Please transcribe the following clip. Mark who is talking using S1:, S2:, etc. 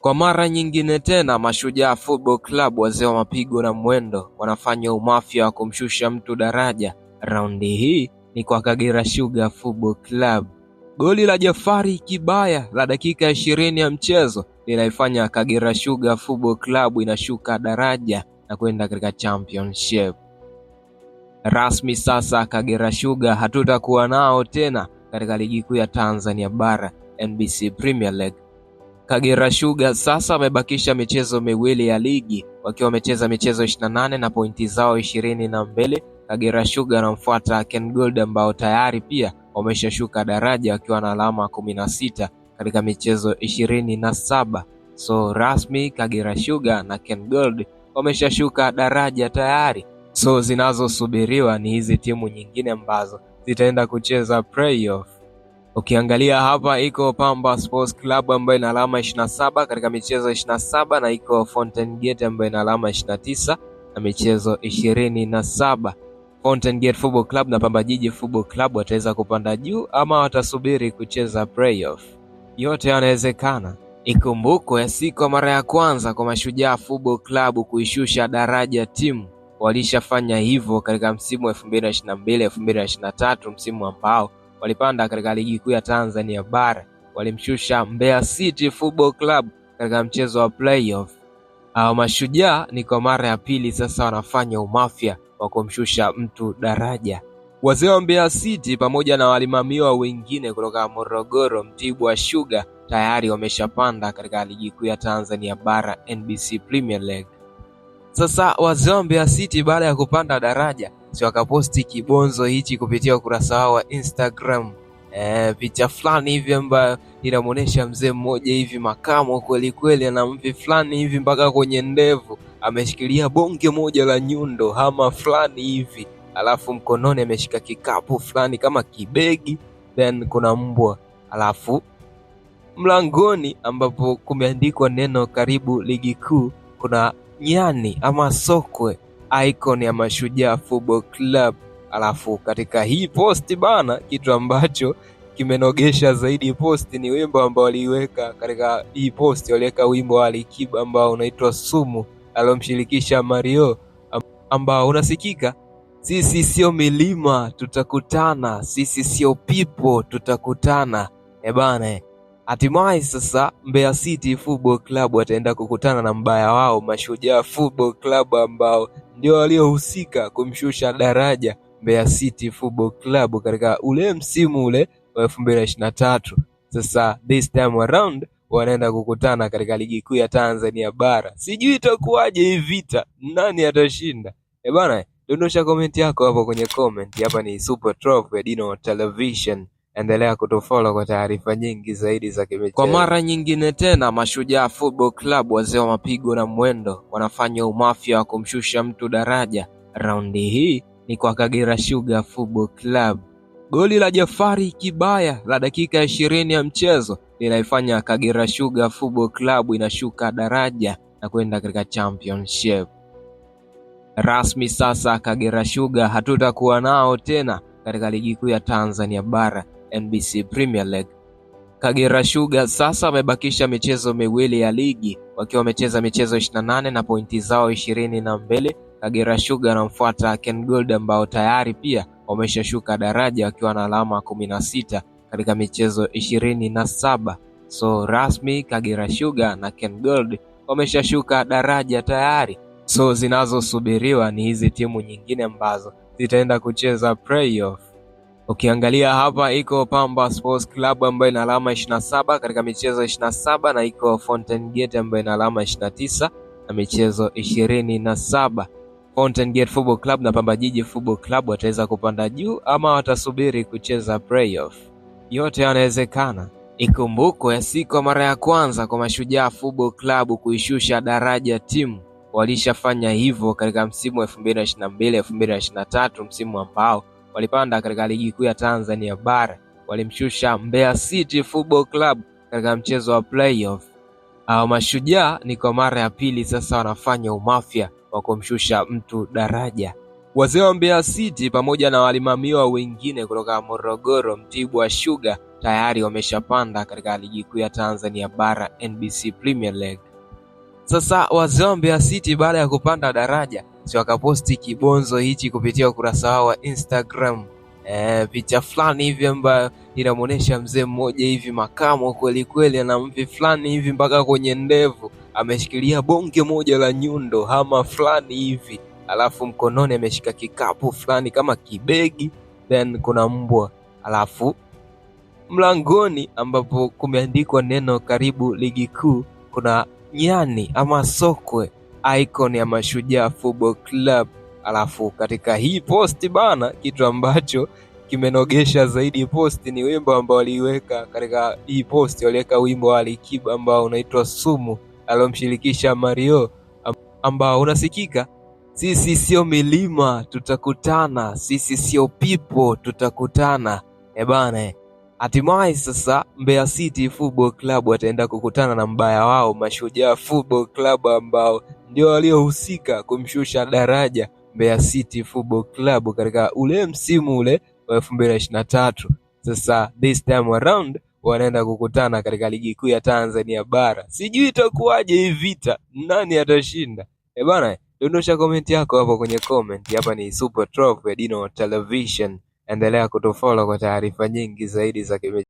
S1: Kwa mara nyingine tena Mashujaa Football Club wazee wa mapigo na mwendo wanafanya umafya wa kumshusha mtu daraja raundi hii ni kwa Kagera Sugar Football Club. Goli la Jafari Kibaya la dakika ishirini ya mchezo linaifanya Kagera Sugar Football Club inashuka daraja na kwenda katika championship rasmi. Sasa Kagera Sugar hatutakuwa nao tena katika ligi kuu ya Tanzania Bara, NBC Premier League. Kagera Sugar sasa wamebakisha michezo miwili ya ligi wakiwa wamecheza michezo 28 na nane na pointi zao ishirini na mbili Kagera Sugar anamfuata Ken Gold ambao tayari pia wameshashuka daraja wakiwa na alama kumi na sita katika michezo ishirini na saba so rasmi Kagera Sugar na Ken Gold wameshashuka daraja tayari so zinazosubiriwa ni hizi timu nyingine ambazo zitaenda kucheza playoff Ukiangalia hapa iko Pamba Sports Club ambayo ina alama 27 katika michezo 27 na iko Fountain Gate ambayo ina alama 29 na michezo 27. Fountain Gate Football Club na Pamba Jiji Football Club wataweza kupanda juu ama watasubiri kucheza playoff. Yote yanawezekana. Ikumbuko ya siku mara ya kwanza kwa Mashujaa Football Club kuishusha daraja timu walishafanya hivyo katika msimu 2022 2023, msimu ambao walipanda katika ligi kuu ya Tanzania bara walimshusha Mbeya City Football Club katika mchezo wa playoff. Hao mashujaa ni kwa mara ya pili sasa wanafanya umafia wa kumshusha mtu daraja. Wazee wa Mbeya City pamoja na walimamiwa wengine kutoka Morogoro, Mtibwa Sugar tayari wameshapanda katika ligi kuu ya Tanzania bara NBC Premier League. Sasa wazee wa Mbeya City baada ya kupanda daraja si wakaposti kibonzo hichi kupitia ukurasa wao wa Instagram. E, picha fulani hivi ambayo inamuonesha mzee mmoja hivi makamo kweli kweli, ana mvi fulani hivi mpaka kwenye ndevu, ameshikilia bonge moja la nyundo hama fulani hivi, alafu mkononi ameshika kikapu fulani kama kibegi, then kuna mbwa, alafu mlangoni ambapo kumeandikwa neno karibu ligi kuu, kuna nyani ama sokwe icon ya Mashujaa Football Club. Alafu katika hii posti bana, kitu ambacho kimenogesha zaidi posti ni wimbo ambao waliiweka katika hii posti, waliweka wimbo wa Alikiba ambao unaitwa Sumu aliomshirikisha Mario, ambao unasikika sisi sio milima tutakutana, sisi sio pipo tutakutana. Ebana, Hatimaye sasa Mbeya City Football Club wataenda kukutana na mbaya wao Mashujaa Football Club ambao ndio waliohusika kumshusha daraja Mbeya City Football Club katika ule msimu ule wa 2023. Sasa this time around wanaenda kukutana katika ligi kuu ya Tanzania bara. Sijui itakuwaje hii vita, nani atashinda? Eh bana, dondosha komenti yako hapo kwenye comment. Hapa ni Super Trophy ya Dino Television. Endelea kutufollow kwa taarifa nyingi zaidi za kimichezo. Kwa mara nyingine tena, Mashujaa Football Club, wazee wa mapigo na mwendo, wanafanya umafya wa kumshusha mtu daraja. Raundi hii ni kwa Kagera Sugar Football Club. Goli la Jafari Kibaya la dakika ishirini ya mchezo linaifanya Kagera Sugar Football Club inashuka daraja na kwenda katika championship rasmi. Sasa Kagera Sugar hatutakuwa nao tena katika ligi kuu ya Tanzania bara. NBC Premier League. Kagera Sugar sasa wamebakisha michezo miwili ya ligi wakiwa wamecheza michezo 28 na pointi zao ishirini na mbili. Kagera Sugar anamfuata Ken Gold ambao tayari pia wameshashuka daraja wakiwa na alama kumi na katika michezo ishirini na saba. So rasmi Kagera Sugar na Ken Gold wameshashuka daraja tayari. So zinazosubiriwa ni hizi timu nyingine ambazo zitaenda kucheza playoff. Ukiangalia hapa iko Pamba Sports Club ambayo ina alama 27 katika michezo 27 na iko Fountain Gate ambayo ina alama 29 na michezo 27. Fountain Gate Football Club na Pamba Jiji Football Club wataweza kupanda juu ama watasubiri kucheza playoff. Yote yanawezekana. Ikumbuko ya siku mara ya kwanza kwa Mashujaa Football Club kuishusha daraja timu walishafanya hivyo katika msimu 2022 2023, msimu ambao walipanda katika ligi kuu ya Tanzania bara walimshusha Mbeya City Football Club katika mchezo wa playoff. Au mashujaa ni kwa mara ya pili sasa wanafanya umafia wa kumshusha mtu daraja. Wazee wa Mbeya City pamoja na walimamiwa wengine kutoka Morogoro, Mtibwa Sugar tayari wameshapanda katika ligi kuu ya Tanzania bara NBC Premier League. Sasa wazee wa Mbeya City baada ya kupanda daraja si wakaposti kibonzo hichi kupitia ukurasa wao wa Instagram e, picha fulani hivi ambayo inamuonesha mzee mmoja hivi makamo kweli kweli, ana mvi fulani hivi mpaka kwenye ndevu, ameshikilia bonge moja la nyundo hama fulani hivi, alafu mkononi ameshika kikapu fulani kama kibegi, then kuna mbwa, alafu mlangoni ambapo kumeandikwa neno karibu ligi kuu, kuna nyani ama sokwe icon ya Mashujaa Football Club. Alafu katika hii posti bana, kitu ambacho kimenogesha zaidi posti ni wimbo ambao waliweka katika hii posti, waliweka wimbo wa Alikiba ambao unaitwa Sumu alomshirikisha Mario ambao unasikika sisi sio milima tutakutana, sisi sio pipo tutakutana. E bana, eh. hatimaye sasa Mbeya City Football Club wataenda kukutana na mbaya wao Mashujaa Football Club ambao ndio waliohusika kumshusha daraja Mbeya City Football Club katika ule msimu ule wa elfu mbili na ishirini na tatu. Sasa this time around wanaenda kukutana katika ligi kuu ya Tanzania bara. Sijui itakuwaje hii vita, nani atashinda? Eh bana, dondosha komenti yako hapo kwenye comment. Hapa ni Super Trophy ya Dino Television, endelea kutofollow kwa taarifa nyingi zaidi za